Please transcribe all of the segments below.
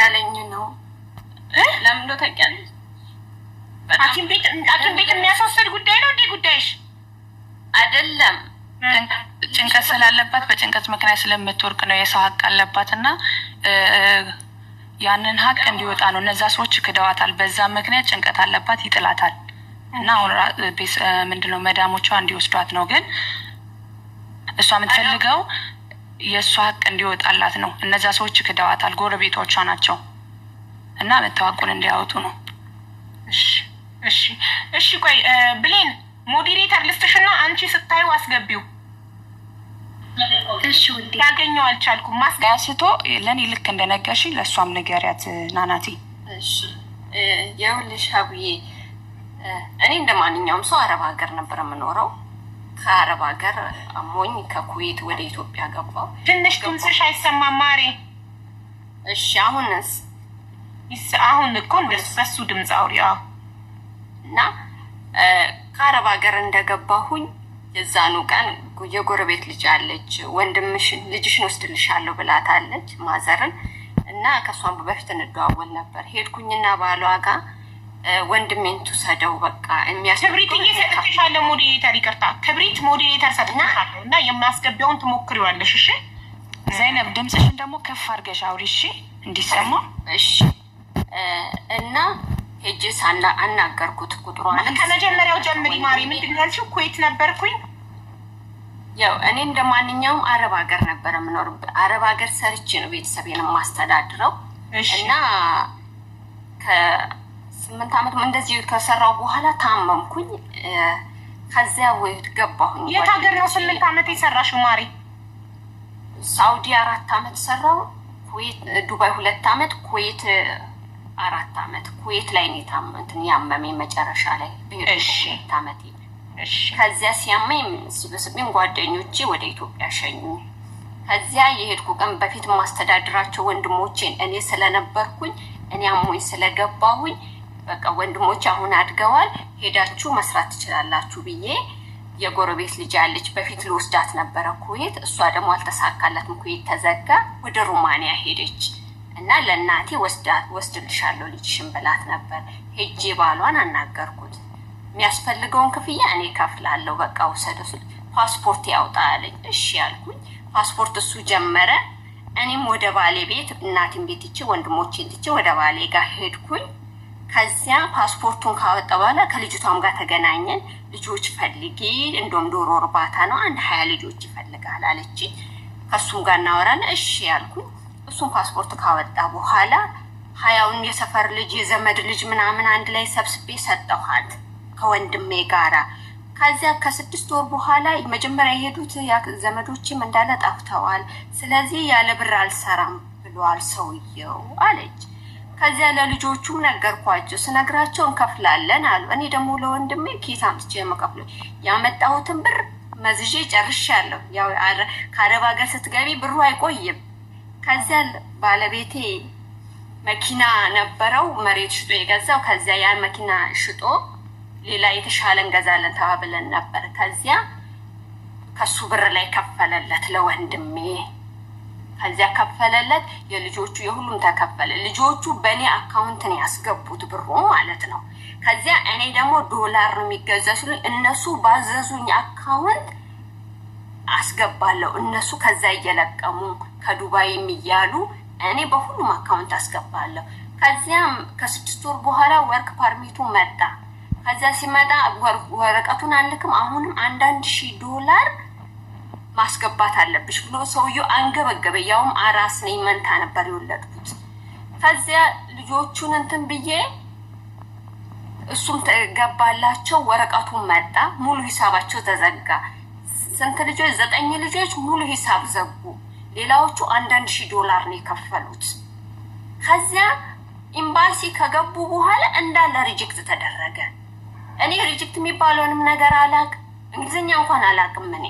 ያለኝ ነው። ለምን ነው ታውቂያለሽ? ሐኪም ቤት ሐኪም ቤት የሚያሳስድ ጉዳይ ነው። እንዲህ ጉዳይሽ አይደለም። ጭንቀት ስላለባት በጭንቀት ምክንያት ስለምትወርቅ ነው። የሰው ሀቅ አለባት እና ያንን ሀቅ እንዲወጣ ነው። እነዛ ሰዎች ክደዋታል። በዛ ምክንያት ጭንቀት አለባት፣ ይጥላታል እና አሁን ምንድነው መዳሞቿ እንዲወስዷት ነው። ግን እሷ የምትፈልገው የእሷ ሀቅ እንዲወጣላት ነው። እነዛ ሰዎች ክደዋታል፣ ጎረቤቶቿ ናቸው እና መታወቁን እንዲያወጡ ነው። እሺ እሺ እሺ። ቆይ ብሌን ሞዲሬተር ልስጥሽና አንቺ ስታዩ አስገቢው። ያገኘው አልቻልኩም። ማስጋስቶ ለእኔ ልክ እንደነገርሽ ለእሷም ንገሪያት ናናቲ። ይኸውልሽ ሀብዬ እኔ እንደ ማንኛውም ሰው አረብ ሀገር ነበር የምኖረው ከአረብ ሀገር አሞኝ ከኩዌት ወደ ኢትዮጵያ ገባው። ትንሽ ድምፅሽ አይሰማም ማሬ። እሺ አሁንስ? አሁን እኮ እንደሱ በሱ ድምፅ አውሪ። እና ከአረብ ሀገር እንደገባሁኝ የዛኑ ቀን የጎረቤት ልጅ አለች፣ ወንድምሽን ልጅሽን ወስድልሻለሁ ብላታለች ማዘርን እና ከእሷን በፊት እንደዋወል ነበር ሄድኩኝና ባሏ ጋር ወንድሜን ትውሰደው በቃ የሚያስ ክብሪት እየሰጥሻለሁ። ሞዴሬተር ይቅርታ፣ ክብሪት ሞዴሬተር ሰጥሻለሁ እና የማስገቢያውን ትሞክሪዋለሽ። እሺ ዘይነብ፣ ድምፅሽን ደግሞ ከፍ አድርገሽ አውሪ እሺ፣ እንዲሰማ እሺ። እና ሄጄ አናገርኩት ቁጥሯን ከመጀመሪያው ጀምሪ ማሪ። ምንድን ነው ያልሽው? ኩዌት ነበርኩኝ። ያው እኔ እንደ ማንኛውም አረብ ሀገር ነበረ የምኖርበት። አረብ ሀገር ሰርቼ ነው ቤተሰቤን የማስተዳድረው እና ስምንት ዓመት እንደዚህ ከሰራው በኋላ ታመምኩኝ። ከዚያ ወይ ገባሁኝ። የት ሀገር ነው ስምንት ዓመት የሰራሽ ማሪ? ሳውዲ አራት ዓመት ሰራው። ኩዌት፣ ዱባይ ሁለት ዓመት፣ ኩዌት አራት ዓመት። ኩዌት ላይ ነው የታመንትን ያመመኝ መጨረሻ ላይ ሁለት ዓመት። ከዚያ ሲያመኝ ሲበስብኝ ጓደኞቼ ወደ ኢትዮጵያ ሸኙ። ከዚያ የሄድኩ ቀን በፊት የማስተዳድራቸው ወንድሞቼን እኔ ስለነበርኩኝ እኔ አሞኝ ስለገባሁኝ በቃ ወንድሞች አሁን አድገዋል፣ ሄዳችሁ መስራት ትችላላችሁ ብዬ የጎረቤት ልጅ ያለች በፊት ልወስዳት ነበረ ኩዌት። እሷ ደግሞ አልተሳካላትም፣ ኩዌት ተዘጋ። ወደ ሩማንያ ሄደች እና ለእናቴ ወስድልሻለሁ ልጅሽን ብላት ነበር። ሄጄ ባሏን አናገርኩት። የሚያስፈልገውን ክፍያ እኔ ከፍላለሁ፣ በቃ ውሰደ። ፓስፖርት ያውጣ ያለኝ፣ እሺ ያልኩኝ። ፓስፖርት እሱ ጀመረ። እኔም ወደ ባሌ ቤት እናቴን ቤትቼ ወንድሞቼን ትቼ ወደ ባሌ ጋር ሄድኩኝ። ከዚያ ፓስፖርቱን ካወጣ በኋላ ከልጅቷም ጋር ተገናኘን። ልጆች ፈልጊ፣ እንደውም ዶሮ እርባታ ነው አንድ ሀያ ልጆች ይፈልጋል አለች። ከእሱም ጋር እናወራን እሺ ያልኩኝ። እሱም ፓስፖርት ካወጣ በኋላ ሀያውን የሰፈር ልጅ የዘመድ ልጅ ምናምን አንድ ላይ ሰብስቤ ሰጠኋት ከወንድሜ ጋራ። ከዚያ ከስድስት ወር በኋላ መጀመሪያ የሄዱት ዘመዶችም እንዳለ ጠፍተዋል። ስለዚህ ያለ ብር አልሰራም ብሏል ሰውየው አለች። ከዚያ ለልጆቹም ነገርኳቸው። ስነግራቸው እንከፍላለን አሉ። እኔ ደግሞ ለወንድሜ ኬት አምጥቼ የምከፍሉ ያመጣሁትን ብር መዝዤ ጨርሻለሁ። ከአረብ ሀገር ስትገቢ ብሩ አይቆይም። ከዚያ ባለቤቴ መኪና ነበረው መሬት ሽጦ የገዛው። ከዚያ ያን መኪና ሽጦ ሌላ የተሻለ እንገዛለን ተባብለን ነበር። ከዚያ ከሱ ብር ላይ ከፈለለት ለወንድሜ ከዚያ ከፈለለት የልጆቹ የሁሉም ተከፈለ። ልጆቹ በእኔ አካውንት ነው ያስገቡት ብሩ ማለት ነው። ከዚያ እኔ ደግሞ ዶላር ነው የሚገዘሱልኝ እነሱ ባዘዙኝ አካውንት አስገባለሁ። እነሱ ከዛ እየለቀሙ ከዱባይም እያሉ እኔ በሁሉም አካውንት አስገባለሁ። ከዚያም ከስድስት ወር በኋላ ወርክ ፐርሚቱ መጣ። ከዚያ ሲመጣ ወረቀቱን አልክም አሁንም አንዳንድ ሺህ ዶላር ማስገባት አለብሽ ብሎ ሰውየው አንገበገበ። ያውም አራስ ነኝ መንታ ነበር የወለድኩት። ከዚያ ልጆቹን እንትን ብዬ እሱም ገባላቸው። ወረቀቱን መጣ። ሙሉ ሂሳባቸው ተዘጋ። ስንት ልጆች? ዘጠኝ ልጆች ሙሉ ሂሳብ ዘጉ። ሌላዎቹ አንዳንድ ሺህ ዶላር ነው የከፈሉት። ከዚያ ኤምባሲ ከገቡ በኋላ እንዳለ ሪጅክት ተደረገ። እኔ ሪጅክት የሚባለውንም ነገር አላቅ፣ እንግሊዝኛ እንኳን አላቅም እኔ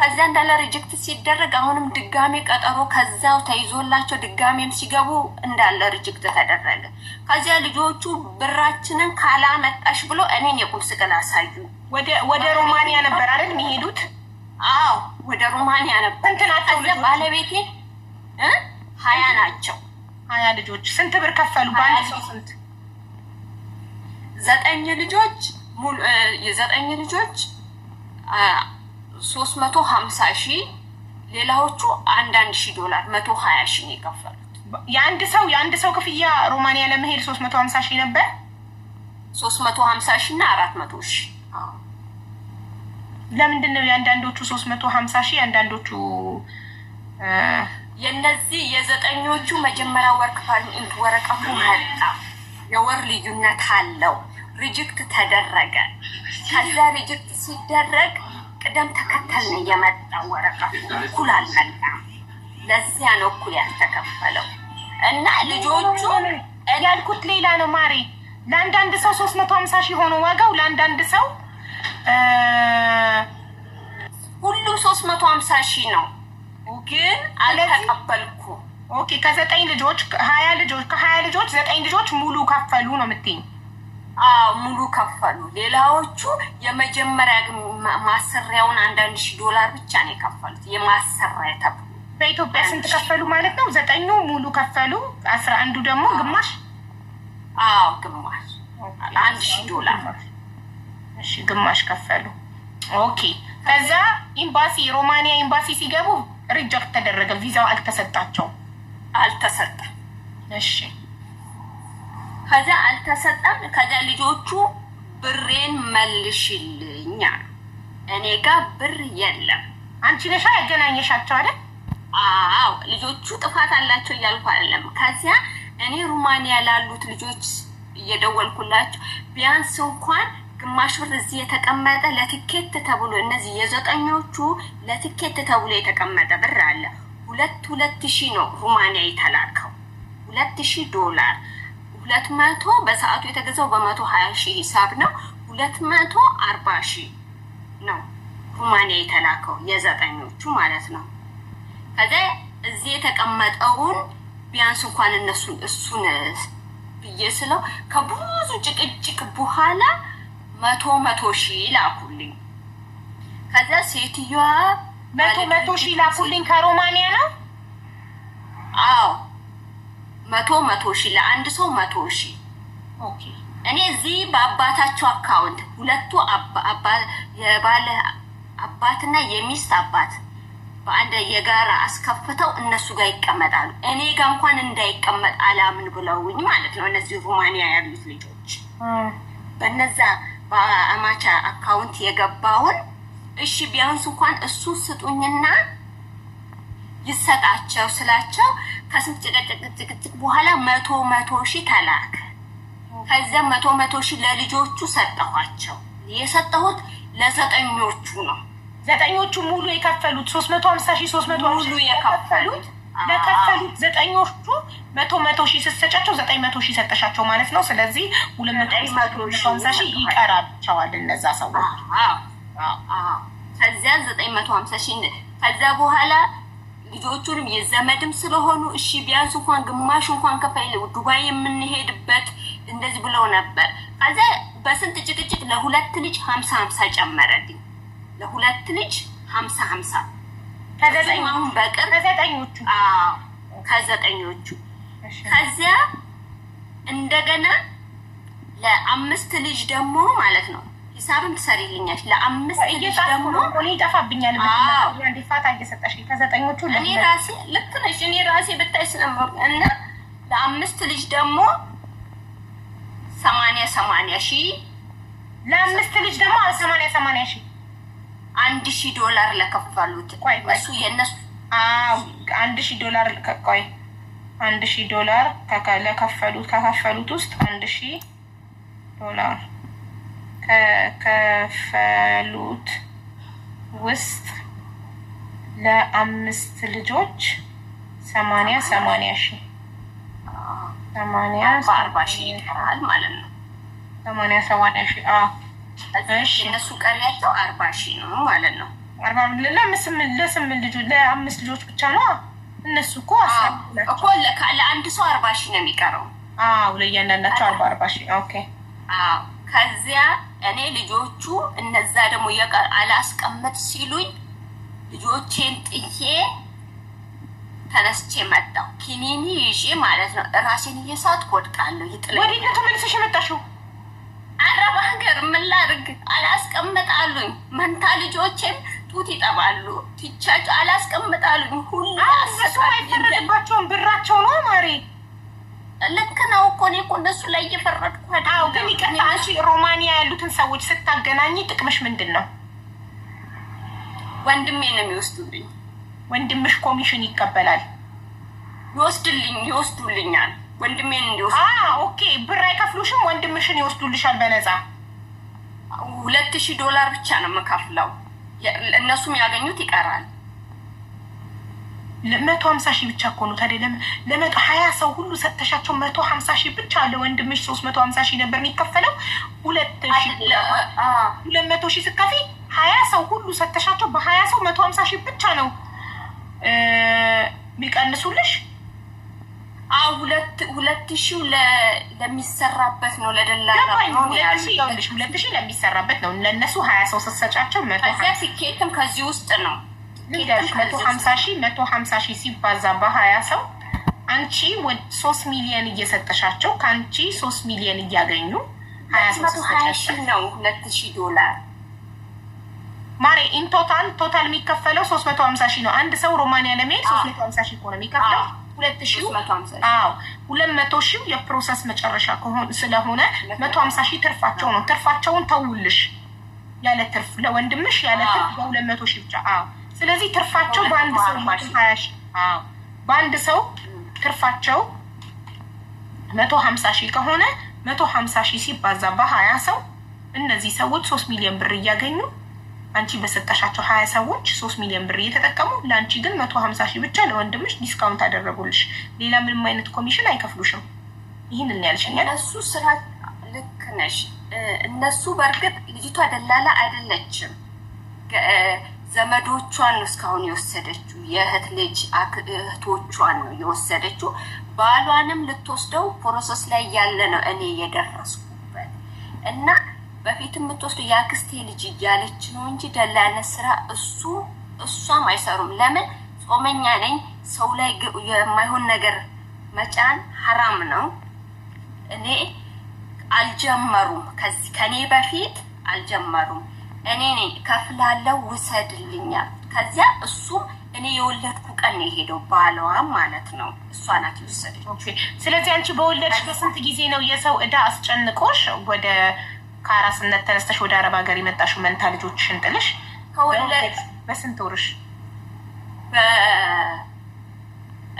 ከዚያ እንዳለ ሪጀክት ሲደረግ አሁንም ድጋሜ ቀጠሮ ከዛው ተይዞላቸው ድጋሜም ሲገቡ እንዳለ ሪጀክት ተደረገ። ከዚያ ልጆቹ ብራችንን ካላመጣሽ ብሎ እኔን የቁም ስቅል አሳዩ። ወደ ሮማንያ ነበር አይደል የሚሄዱት? አዎ ወደ ሮማንያ ነበር። ከዚያ ባለቤቴ ሀያ ናቸው ሀያ ልጆች። ስንት ብር ከፈሉ? በአንድ ሰው ስንት? ዘጠኝ ልጆች የዘጠኝ ልጆች ሶስት መቶ ሀምሳ ሺህ ሌላዎቹ አንዳንድ ሺህ ዶላር መቶ ሀያ ሺህ ነው የከፈሉት። የአንድ ሰው የአንድ ሰው ክፍያ ሮማንያ ለመሄድ ሶስት መቶ ሀምሳ ሺህ ነበር። ሶስት መቶ ሀምሳ ሺህ እና አራት መቶ ሺህ ለምንድን ነው የአንዳንዶቹ ሶስት መቶ ሀምሳ ሺህ የአንዳንዶቹ የነዚህ የዘጠኞቹ መጀመሪያ ወርክ ፐርሚት ወረቀቱ መጣ። የወር ልዩነት አለው። ሪጅክት ተደረገ። ከዚያ ሪጅክት ሲደረግ ቅደም ተከተል ነው የመጣው። ወረቀቱ እኩል አልመጣም። ለዚያ ነው እኩል ያልተከፈለው። እና ልጆቹ ያልኩት ሌላ ነው ማሬ። ለአንዳንድ ሰው ሶስት መቶ ሀምሳ ሺህ ሆነ ዋጋው ለአንዳንድ ሰው ሁሉም ሶስት መቶ ሀምሳ ሺህ ነው፣ ግን አልተቀበልኩ። ኦኬ ከዘጠኝ ልጆች ሀያ ልጆች ከሀያ ልጆች ዘጠኝ ልጆች ሙሉ ከፈሉ ነው የምትይኝ ሙሉ ከፈሉ። ሌላዎቹ የመጀመሪያ ማሰሪያውን አንዳንድ ሺህ ዶላር ብቻ ነው የከፈሉት። የማሰሪያ ተብሎ በኢትዮጵያ ስንት ከፈሉ ማለት ነው? ዘጠኙ ሙሉ ከፈሉ፣ አስራ አንዱ ደግሞ ግማሽ። አዎ ግማሽ አንድ ሺህ ዶላር ግማሽ ከፈሉ። ኦኬ። ከዛ ኤምባሲ ሮማንያ ኤምባሲ ሲገቡ ሪጀክት ተደረገ። ቪዛው አልተሰጣቸውም፣ አልተሰጠም። እሺ ከዚያ አልተሰጠም። ከዚያ ልጆቹ ብሬን መልሽልኛ፣ እኔ ጋ ብር የለም። አንቺ ነሻ ያገናኘሻቸው አይደል? አዎ። ልጆቹ ጥፋት አላቸው እያልኩ አይደለም። ከዚያ እኔ ሩማንያ ላሉት ልጆች እየደወልኩላቸው ቢያንስ እንኳን ግማሽ ብር እዚህ የተቀመጠ ለትኬት ተብሎ እነዚህ የዘጠኞቹ ለትኬት ተብሎ የተቀመጠ ብር አለ። ሁለት ሁለት ሺህ ነው ሩማንያ የተላከው ሁለት ሺህ ዶላር ሁለት መቶ በሰዓቱ የተገዛው በመቶ ሀያ ሺህ ሂሳብ ነው። ሁለት መቶ አርባ ሺህ ነው ሩማኒያ የተላከው የዘጠኞቹ ማለት ነው። ከዚያ እዚህ የተቀመጠውን ቢያንስ እንኳን እነሱን እሱን ብዬ ስለው ከብዙ ጭቅጭቅ በኋላ መቶ መቶ ሺህ ላኩልኝ። ከዚያ ሴትዮዋ መቶ መቶ ሺህ ላኩልኝ ከሮማንያ ነው። አዎ መቶ መቶ ሺ ለአንድ ሰው መቶ ሺ እኔ እዚህ በአባታቸው አካውንት ሁለቱ የባለ አባትና የሚስት አባት በአንድ የጋራ አስከፍተው እነሱ ጋር ይቀመጣሉ። እኔ ጋር እንኳን እንዳይቀመጥ አላምን ብለውኝ ማለት ነው። እነዚህ ሩማንያ ያሉት ልጆች በነዛ በአማቻ አካውንት የገባውን እሺ ቢያንስ እንኳን እሱ ስጡኝና ይሰጣቸው ስላቸው ከስንት ጭቅጭቅ በኋላ መቶ መቶ ሺህ ተላክ። ከዚያ መቶ መቶ ሺህ ለልጆቹ ሰጠኋቸው። የሰጠሁት ለዘጠኞቹ ነው። ዘጠኞቹ ሙሉ የከፈሉት ሶስት መቶ ሀምሳ ሺህ ሶስት መቶ ሙሉ የከፈሉት ለከፈሉት ዘጠኞቹ መቶ መቶ ሺህ ስትሰጫቸው ዘጠኝ መቶ ሺህ ሰጠሻቸው ማለት ነው። ስለዚህ ሁለት መቶ ሀምሳ ሺህ ይቀራቸዋል እነዛ ሰዎች ከዚያ ዘጠኝ መቶ ሀምሳ ሺህ ከዚያ በኋላ ልጆቹንም የዘመድም ስለሆኑ እሺ ቢያንስ እንኳን ግማሽ እንኳን ከፋይ ዱባይ የምንሄድበት እንደዚህ ብለው ነበር። ከዚያ በስንት ጭቅጭቅ ለሁለት ልጅ ሀምሳ ሀምሳ ጨመረልኝ። ለሁለት ልጅ ሀምሳ ሀምሳ አሁን በቅርብ ከዘጠኞቹ ከዘጠኞቹ ከዚያ እንደገና ለአምስት ልጅ ደግሞ ማለት ነው ሂሳብም ትሰርይኛሽ ለአምስት እየጻፍኩ ይጠፋብኛል። ፋታ እየሰጠሽ ከዘጠኞቹ እኔ ራሴ ልክ ነሽ። እኔ ራሴ ብታይ ስለምር እና ለአምስት ልጅ ደግሞ ሰማንያ ሰማንያ ሺ ለአምስት ልጅ ደግሞ ሰማንያ ሰማንያ ሺ አንድ ሺ ዶላር ለከፈሉት እሱ የነሱ አንድ ሺ ዶላር ቆይ አንድ ሺ ዶላር ለከፈሉት ከከፈሉት ውስጥ አንድ ሺ ዶላር ከከፈሉት ውስጥ ለአምስት ልጆች ሰማንያ ሰማንያ ሺህ ሰማንያ ሰማንያ ሺህ ማለት ነው። ሰማንያ ሰማንያ ሺህ እነሱ ቀሪያቸው አርባ ሺህ ነው ማለት ነው። አርባ ለስምንት ልጆች ለአምስት ልጆች ብቻ ነው። እነሱ እኮ እኮ ለአንድ ሰው አርባ ሺህ ነው የሚቀረው። አዎ ለእያንዳንዳቸው አርባ አርባ ሺህ ኦኬ። አዎ ከዚያ እኔ ልጆቹ እነዛ ደግሞ የቀር አላስቀምጥ ሲሉኝ ልጆቼን ጥዬ ተነስቼ መጣሁ። ኪኒኒ ይዤ ማለት ነው። ራሴን እየሳት ወድቃለሁ። ይጥለኝ ወዲህ ተመልሰሽ የመጣሽው አረብ ሀገር ምን ላድርግ? አላስቀምጣሉኝ። መንታ ልጆቼን ጡት ይጠባሉ። ትቻቸው አላስቀምጣሉኝ። ሁሉ አይፈረድባቸውም። ብራቸው ነው ማሬ ልክ ነው እኮ እኔ እኮ እነሱ ላይ እየፈረድኩ ው ግን ይቀጣሽ። ሮማንያ ያሉትን ሰዎች ስታገናኝ ጥቅምሽ ምንድን ነው? ወንድሜ ነው የሚወስዱልኝ። ወንድምሽ ኮሚሽን ይቀበላል። ይወስድልኝ ይወስዱልኛል። ወንድሜን እንዲወስ ኦኬ። ብር አይከፍሉሽም፣ ወንድምሽን ይወስዱልሻል በነፃ። ሁለት ሺህ ዶላር ብቻ ነው የምከፍለው። እነሱም ያገኙት ይቀራል። መቶ ሀምሳ ሺህ ብቻ እኮ ነው። ታዲያ ለመቶ ሀያ ሰው ሁሉ ሰጥተሻቸው መቶ ሀምሳ ሺህ ብቻ ለወንድምሽ ሶስት መቶ ሀምሳ ሺህ ነበር የሚከፈለው ሁለት ሁለት መቶ ሺህ ስከፊ ሀያ ሰው ሁሉ ሰጥተሻቸው በሀያ ሰው መቶ ሀምሳ ሺህ ብቻ ነው የሚቀንሱልሽ። ሁለት ሁለት ሺህ ለሚሰራበት ነው ለደላላ ሺህ ለሚሰራበት ነው። ለእነሱ ሀያ ሰው ስትሰጫቸው መቶ ሀያ ከዚህ ውስጥ ነው ሄዳሽ መቶ ሀምሳ ሺ መቶ ሀምሳ ሲባዛ በሀያ ሰው አንቺ ሶስት ሚሊየን እየሰጠሻቸው ከአንቺ ሶስት ሚሊየን እያገኙ ሀያ ነው ሁለት ዶላር ማሬ ቶታል የሚከፈለው ሶስት መቶ ሀምሳ ነው። አንድ ሰው ሮማንያ ለመሄድ ሶስት መቶ ሀምሳ ሺህ ከሆነ የሚከፍለው ሁለት አዎ ሁለት መቶ ሺህ የፕሮሰስ መጨረሻ ስለሆነ መቶ ሀምሳ ሺህ ትርፋቸው ነው። ትርፋቸውን ተውልሽ ያለ ትርፍ ለወንድምሽ ያለ ትርፍ በሁለት መቶ ሺህ ብቻ አዎ ስለዚህ ትርፋቸው በአንድ ሰው በአንድ ሰው ትርፋቸው መቶ ሀምሳ ሺህ ከሆነ መቶ ሀምሳ ሺህ ሲባዛ በሀያ ሰው እነዚህ ሰዎች ሶስት ሚሊዮን ብር እያገኙ አንቺ በሰጠሻቸው ሀያ ሰዎች ሶስት ሚሊዮን ብር እየተጠቀሙ ለአንቺ ግን መቶ ሀምሳ ሺህ ብቻ ለወንድምሽ ዲስካውንት አደረጉልሽ። ሌላ ምንም አይነት ኮሚሽን አይከፍሉሽም። ይህን ያልሽኛል። እሱ ስራ ልክ ነሽ። እነሱ በእርግጥ ልጅቷ ደላላ አይደለችም ዘመዶቿን ነው እስካሁን የወሰደችው። የእህት ልጅ እህቶቿን ነው የወሰደችው። ባሏንም ልትወስደው ፕሮሰስ ላይ ያለ ነው እኔ የደረስኩበት እና በፊት የምትወስዱ የአክስቴ ልጅ እያለች ነው እንጂ ደላነት ስራ እሱ እሷም አይሰሩም። ለምን ጾመኛ ነኝ። ሰው ላይ የማይሆን ነገር መጫን ሀራም ነው። እኔ አልጀመሩም፣ ከኔ በፊት አልጀመሩም። እኔ ነኝ ከፍላለው ውሰድልኛል። ከዚያ እሱም እኔ የወለድኩ ቀን የሄደው ባለዋም ማለት ነው። እሷ ናት የወሰደች። ስለዚህ አንቺ በወለድሽ በስንት ጊዜ ነው የሰው እዳ አስጨንቆሽ ወደ ከአራስነት ተነስተሽ ወደ አረብ ሀገር የመጣሽው መንታ ልጆችሽን ጥልሽ? ከወለድ በስንት ወርሽ?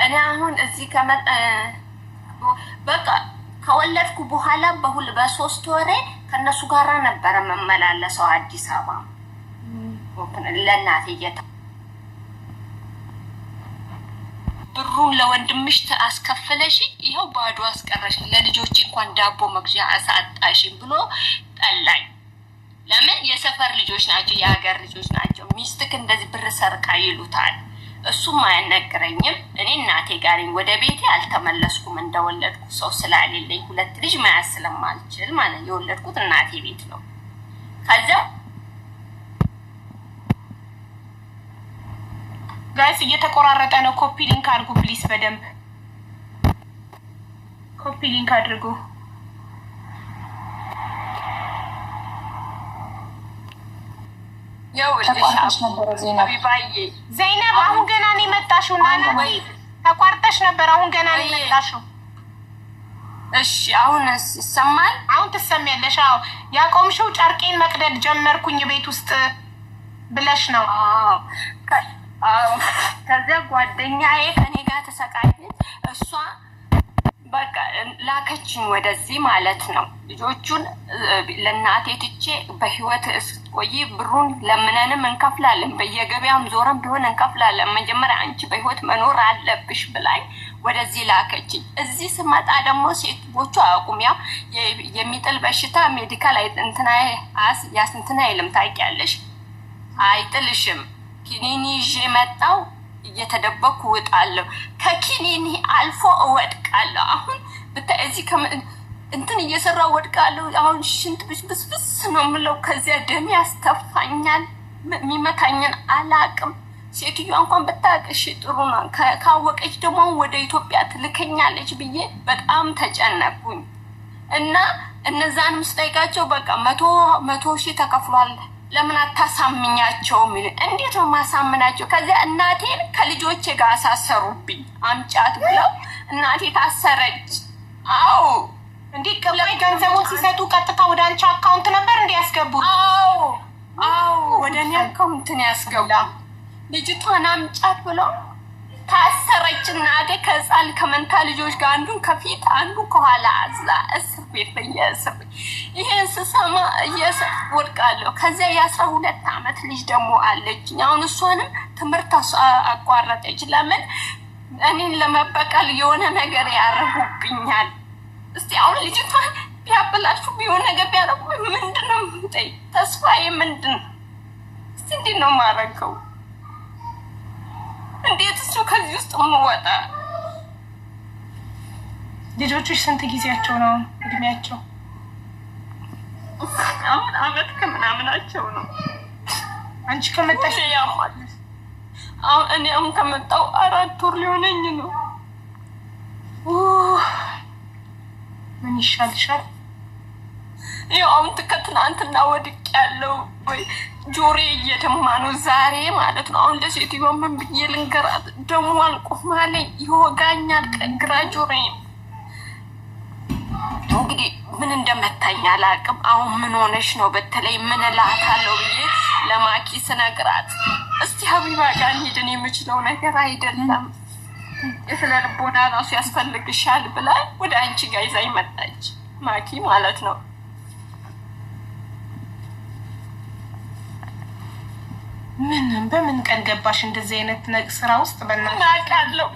እኔ አሁን እዚህ ከመ በቃ ከወለድኩ በኋላ በሁል በሶስት ወሬ ከእነሱ ጋር ነበረ መመላለሰው አዲስ አበባ ለእናት እየተ ብሩን ለወንድምሽ አስከፍለሽ ይኸው ባዶ አስቀረሽ፣ ለልጆች እንኳን ዳቦ መግዣ አሳጣሽኝ ብሎ ጠላኝ። ለምን? የሰፈር ልጆች ናቸው፣ የሀገር ልጆች ናቸው። ሚስትክ እንደዚህ ብር ሰርቃ ይሉታል። እሱም አያናገረኝም። እኔ እናቴ ጋር ወደ ቤቴ አልተመለስኩም። እንደወለድኩ ሰው ስላሌለኝ ሁለት ልጅ መያዝ ስለማልችል ማለት የወለድኩት እናቴ ቤት ነው። ከዚያ ጋይስ እየተቆራረጠ ነው። ኮፒ ሊንክ አድርጉ ፕሊስ። በደንብ ኮፒ ሊንክ አድርጉ። ተቋርጠሽ ነበረ ዘይነብ። አሁን ገና ነው የመጣሽው። ናና ተቋርጠሽ ነበር። አሁን ገና ነው የመጣሽው። እሺ አሁን ይሰማል። አሁን ትሰሚያለሽ። አዎ ያቆምሽው ጨርቄን መቅደድ ጀመርኩኝ ቤት ውስጥ ብለሽ ነው። ከዚያ ጓደኛዬ ከኔ ጋር ተሰቃየች እሷ በቃ ላከችኝ ወደዚህ ማለት ነው። ልጆቹን ለእናቴ ትቼ በህይወት እስቆይ ብሩን ለምነንም እንከፍላለን፣ በየገበያም ዞረም ቢሆን እንከፍላለን። መጀመሪያ አንቺ በህይወት መኖር አለብሽ ብላኝ ወደዚህ ላከችኝ። እዚህ ስመጣ ደግሞ ሴቶቹ አያውቁም። ያው የሚጥል በሽታ ሜዲካል እንትና ያስንትና አይልም ታውቂያለሽ፣ አይጥልሽም። ኪኒኒ ይዤ መጣው እየተደበኩ እወጣለሁ። ከኪኒኒ አልፎ እወድቃለሁ። አሁን ብታይ እዚህ እንትን እየሰራ ወድቃለሁ አሁን ሽንት ብስብስ ነው የምለው። ከዚያ ደሜ ያስተፋኛል። የሚመታኝን አላቅም። ሴትዮዋ እንኳን ብታውቅ ጥሩ ነው። ካወቀች ደግሞ ወደ ኢትዮጵያ ትልከኛለች ብዬ በጣም ተጨነኩኝ እና እነዛንም ስጠይቃቸው በቃ መቶ መቶ ሺህ ተከፍሏል ለምን አታሳምኛቸውም? ይል እንዴት ነው ማሳምናቸው? ከዚያ እናቴን ከልጆቼ ጋር አሳሰሩብኝ። አምጫት ብለው እናቴ ታሰረች። አዎ እንዲህ ቅላይ ገንዘቡን ሲሰጡ ቀጥታ ወደ አንቺ አካውንት ነበር እንዲ ያስገቡ? አዎ አዎ፣ ወደ እኔ አካውንትን ያስገቡ። ልጅቷን አምጫት ብለው ታሰረች እናቴ ከህፃን ከመንታ ልጆች ጋር አንዱን ከፊት አንዱ ከኋላ አዝላ እስር ቤት በየእስር ይሄን ስሰማ እየእስር ወድቃለሁ። ከዚያ የአስራ ሁለት አመት ልጅ ደግሞ አለች። አሁን እሷንም ትምህርት አቋረጠች። ለምን እኔን ለመበቀል የሆነ ነገር ያረጉብኛል። እስቲ አሁን ልጅቷን ቢያበላችሁ ቢሆን ነገር ቢያረጉ ምንድን ነው ምጠይ ተስፋዬ ምንድን ነው? እስቲ እንዴት ነው ማረገው? እንዴት እሱ ከዚህ ውስጥ ምወጣ? ልጆችሽ ስንት ጊዜያቸው ነው? እድሜያቸው አሁን አመት ከምናምናቸው ነው። አንቺ ከመጣሽ አሁን እኔ አሁን ከመጣው አራት ወር ሊሆነኝ ነው። ምን ይሻልሻል? ያው አሁን ከትናንትና ወድቅ ያለው ወይ ጆሬ እየደማ ነው ዛሬ ማለት ነው። አሁን ለሴትዮ ምን ብዬ ልንገራት? ደሞ አልቆማለኝ ይወጋኛል፣ ግራ ጆሬ። እንግዲህ ምን እንደመታኝ አላቅም። አሁን ምን ሆነሽ ነው በተለይ ምን እላታለሁ ብዬ ለማኪ ስነግራት፣ እስቲ ሀቢባ ጋር ሄድን የምችለው ነገር አይደለም የስነ ልቦና ራሱ ያስፈልግሻል ብላ ወደ አንቺ ጋር ይዛኝ መጣች ማኪ ማለት ነው። ምንም በምን ቀን ገባሽ እንደዚህ አይነት ነቅ ስራ ውስጥ? በናቃለው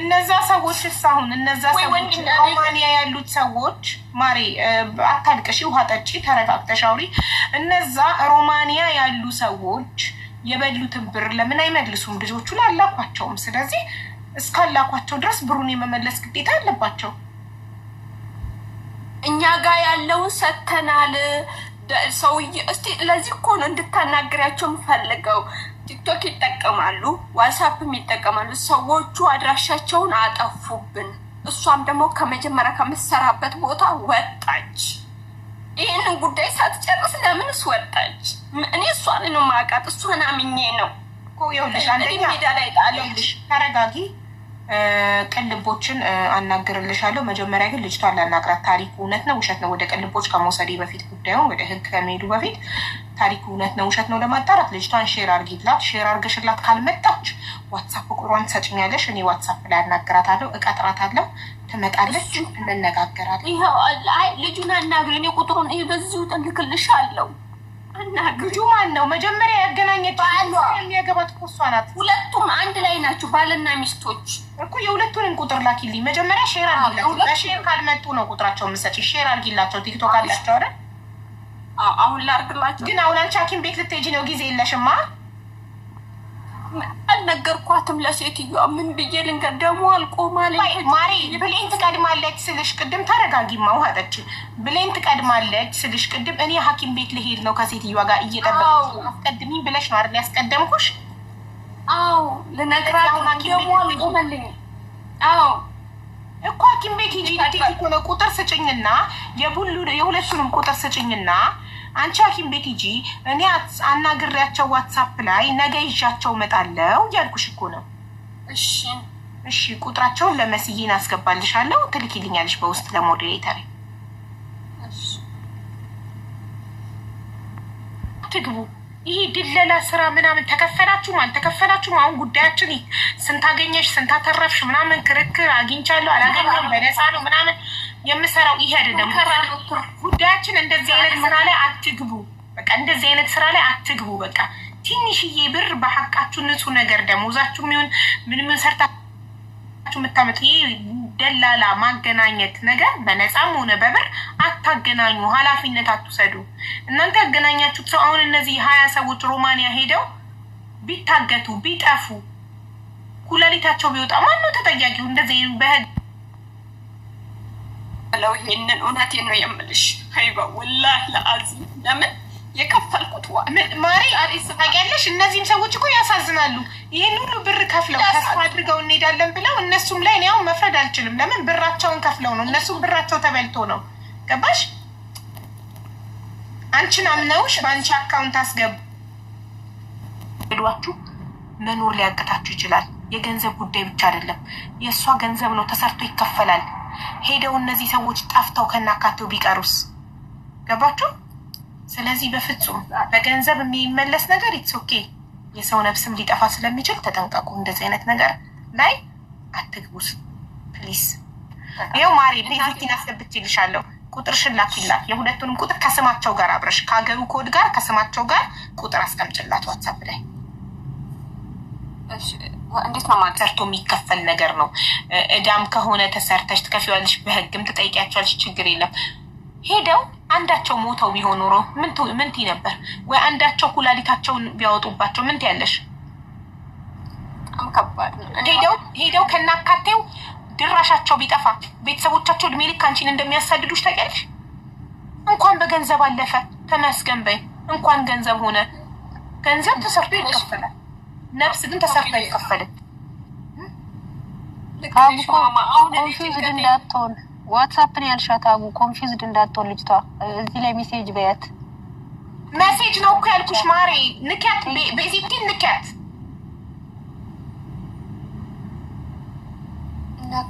እነዛ ሰዎች እስካሁን እነዛ ሰዎች ሮማንያ ያሉት ሰዎች ማሪ፣ አታልቅሽ፣ ውሃ ጠጪ፣ ተረጋግተሽ አውሪ። እነዛ ሮማንያ ያሉ ሰዎች የበሉትን ብር ለምን አይመልሱም? ልጆቹን አላኳቸውም። ስለዚህ እስካላኳቸው ድረስ ብሩን የመመለስ ግዴታ አለባቸው። እኛ ጋር ያለውን ሰጥተናል። ሰውዬ እስቲ ለዚህ እኮ ነው እንድታናግሪያቸው የምፈልገው። ቲክቶክ ይጠቀማሉ፣ ዋትሳፕም ይጠቀማሉ። ሰዎቹ አድራሻቸውን አጠፉብን። እሷም ደግሞ ከመጀመሪያ ከምትሰራበት ቦታ ወጣች። ይህንን ጉዳይ ሳትጨርስ ለምንስ ወጣች? እኔ እሷን ነው የማውቃት። እሷን አምኜ ነው። ተረጋጊ ቅልቦችን አናግርልሻለሁ። መጀመሪያ ግን ልጅቷን ላናግራት። ታሪኩ እውነት ነው ውሸት ነው፣ ወደ ቅልቦች ከመውሰዴ በፊት ጉዳዩን ወደ ህግ ከመሄዱ በፊት ታሪኩ እውነት ነው ውሸት ነው ለማጣራት ልጅቷን ሼር አርጊላት። ሼር አርገሽላት ካልመጣች ዋትሳፕ ቁጥሯን ትሰጭኛለሽ። እኔ ዋትሳፕ ላይ አናግራታለሁ፣ እቀጥራታለሁ። ትመጣለች፣ እንነጋገራለን። ልጁን አናግሪ፣ እኔ ቁጥሩን ይህ በዚሁ እልክልሻለሁ እና ማን ነው መጀመሪያ ያገናኘችው? የሚያገባት እኮ እሷ ናት። ሁለቱም አንድ ላይ ናቸው ባልና ሚስቶች እኮ። የሁለቱንም ቁጥር ላኪልኝ መጀመሪያ። ሼር አድርጊላቸው። በሼር ካልመጡ ነው ቁጥራቸው የምትሰጪ። ሼር አድርጊላቸው። ቲክቶክ አላቸው አይደል? አሁን ላርግላቸው። ግን አሁን አንቺ ሐኪም ቤት ልትሄጂ ነው፣ ጊዜ የለሽማ አልነገርኳትም ለሴትዮዋ። ምን ብዬ ልንገር? ደግሞ አልቆማል። ማሪ ብሌን ትቀድማለች ስልሽ ቅድም ተረጋጊማ፣ ውሃ ጠጪ። ብሌን ትቀድማለች ስልሽ ቅድም እኔ ሐኪም ቤት ልሄድ ነው ከሴትዮዋ ጋር እየጠበቅ አስቀድሚ ብለሽ ነው አይደል ያስቀደምኩሽ? አዎ ልነግራት ደግሞ አልቆመልኝ። አዎ እኮ ሐኪም ቤት ሂጂ ነው። ቁጥር ስጭኝና የሁለቱንም ቁጥር ስጭኝና አንቺ ሐኪም ቤት ሂጂ፣ እኔ አናግሬያቸው ዋትሳፕ ላይ ነገ ይዣቸው እመጣለሁ እያልኩሽ እኮ ነው። እሺ እሺ፣ ቁጥራቸውን ለመስዬን አስገባልሻለሁ፣ ትልኪልኛለሽ በውስጥ ለሞዴሬተር። ትግቡ ይሄ ድለላ ስራ ምናምን ተከፈላችሁም አልተከፈላችሁም፣ አሁን ጉዳያችን ስንታገኘሽ ስንታተረፍሽ ምናምን ክርክር አግኝቻለሁ አላገኘም በነፃ ነው ምናምን የምሰራው ይሄ አይደለም። ጉዳያችን እንደዚህ አይነት ስራ ላይ አትግቡ። በቃ እንደዚህ አይነት ስራ ላይ አትግቡ። በቃ ትንሽዬ ብር በሀቃችሁ ንጹህ ነገር ደሞዛችሁ የሚሆን ምን ምን ሰርታችሁ የምታመጡ ይህ ደላላ ማገናኘት ነገር በነፃም ሆነ በብር አታገናኙ። ኃላፊነት አትውሰዱ። እናንተ ያገናኛችሁት ሰው አሁን እነዚህ ሀያ ሰዎች ሮማንያ ሄደው ቢታገቱ ቢጠፉ ኩላሊታቸው ቢወጣ ማነው ተጠያቂው? እንደዚህ በህግ ብለው ይሄንን እውነቴን ነው የምልሽ ሀይባ ወላህ ለአዚ ለምን የከፈልኩት ማሪ ታውቂያለሽ። እነዚህም ሰዎች እኮ ያሳዝናሉ። ይህን ሁሉ ብር ከፍለው ተስፋ አድርገው እንሄዳለን ብለው እነሱም ላይ እኔ አሁን መፍረድ አልችልም። ለምን ብራቸውን ከፍለው ነው፣ እነሱም ብራቸው ተበልቶ ነው። ገባሽ? አንቺን አምነውሽ በአንቺ አካውንት አስገቡ ሄዷችሁ መኖር ሊያቅታችሁ ይችላል። የገንዘብ ጉዳይ ብቻ አይደለም፣ የእሷ ገንዘብ ነው ተሰርቶ ይከፈላል። ሄደው እነዚህ ሰዎች ጠፍተው ከናካቴው ቢቀሩስ? ገባችሁ? ስለዚህ በፍጹም በገንዘብ የሚመለስ ነገር ኢትስ ኦኬ። የሰው ነፍስም ሊጠፋ ስለሚችል ተጠንቀቁ። እንደዚህ አይነት ነገር ላይ አትግቡስ ፕሊስ። ይኸው ማሪ ፕሌቲን ይልሻለሁ። ቁጥርሽን ላኪላት። የሁለቱንም ቁጥር ከስማቸው ጋር አብረሽ ከሀገሩ ኮድ ጋር ከስማቸው ጋር ቁጥር አስቀምጭላት ዋትሳፕ ላይ እንዴት ነው ሰርቶ የሚከፈል ነገር ነው። እዳም ከሆነ ተሰርተሽ ትከፊዋለሽ፣ በህግም ትጠይቂያቸዋለሽ። ችግር የለም። ሄደው አንዳቸው ሞተው ቢሆን ኖሮ ምንቲ ነበር ወይ? አንዳቸው ኩላሊታቸውን ቢያወጡባቸው ምንት ያለሽ። ሄደው ሄደው ከናካቴው ድራሻቸው ቢጠፋ ቤተሰቦቻቸው እድሜ ልክ አንቺን እንደሚያሳድዱሽ ታውቂያለሽ። እንኳን በገንዘብ አለፈ ተመስገን በይ። እንኳን ገንዘብ ሆነ ገንዘብ ተሰርቶ ይከፈላል። ነፍስ ግን ተሰርታ ይከፈልን። ኮንፊውዝድ እንዳትሆን ዋትሳፕ ያልሻት። አቡ ኮንፊውዝድ እንዳትሆን ልጅቷ እዚህ ላይ ሜሴጅ በያት። ሜሴጅ ነው እኮ ያልኩሽ ማሬ። ንኪያት፣ ቤዚቲ ንኪያት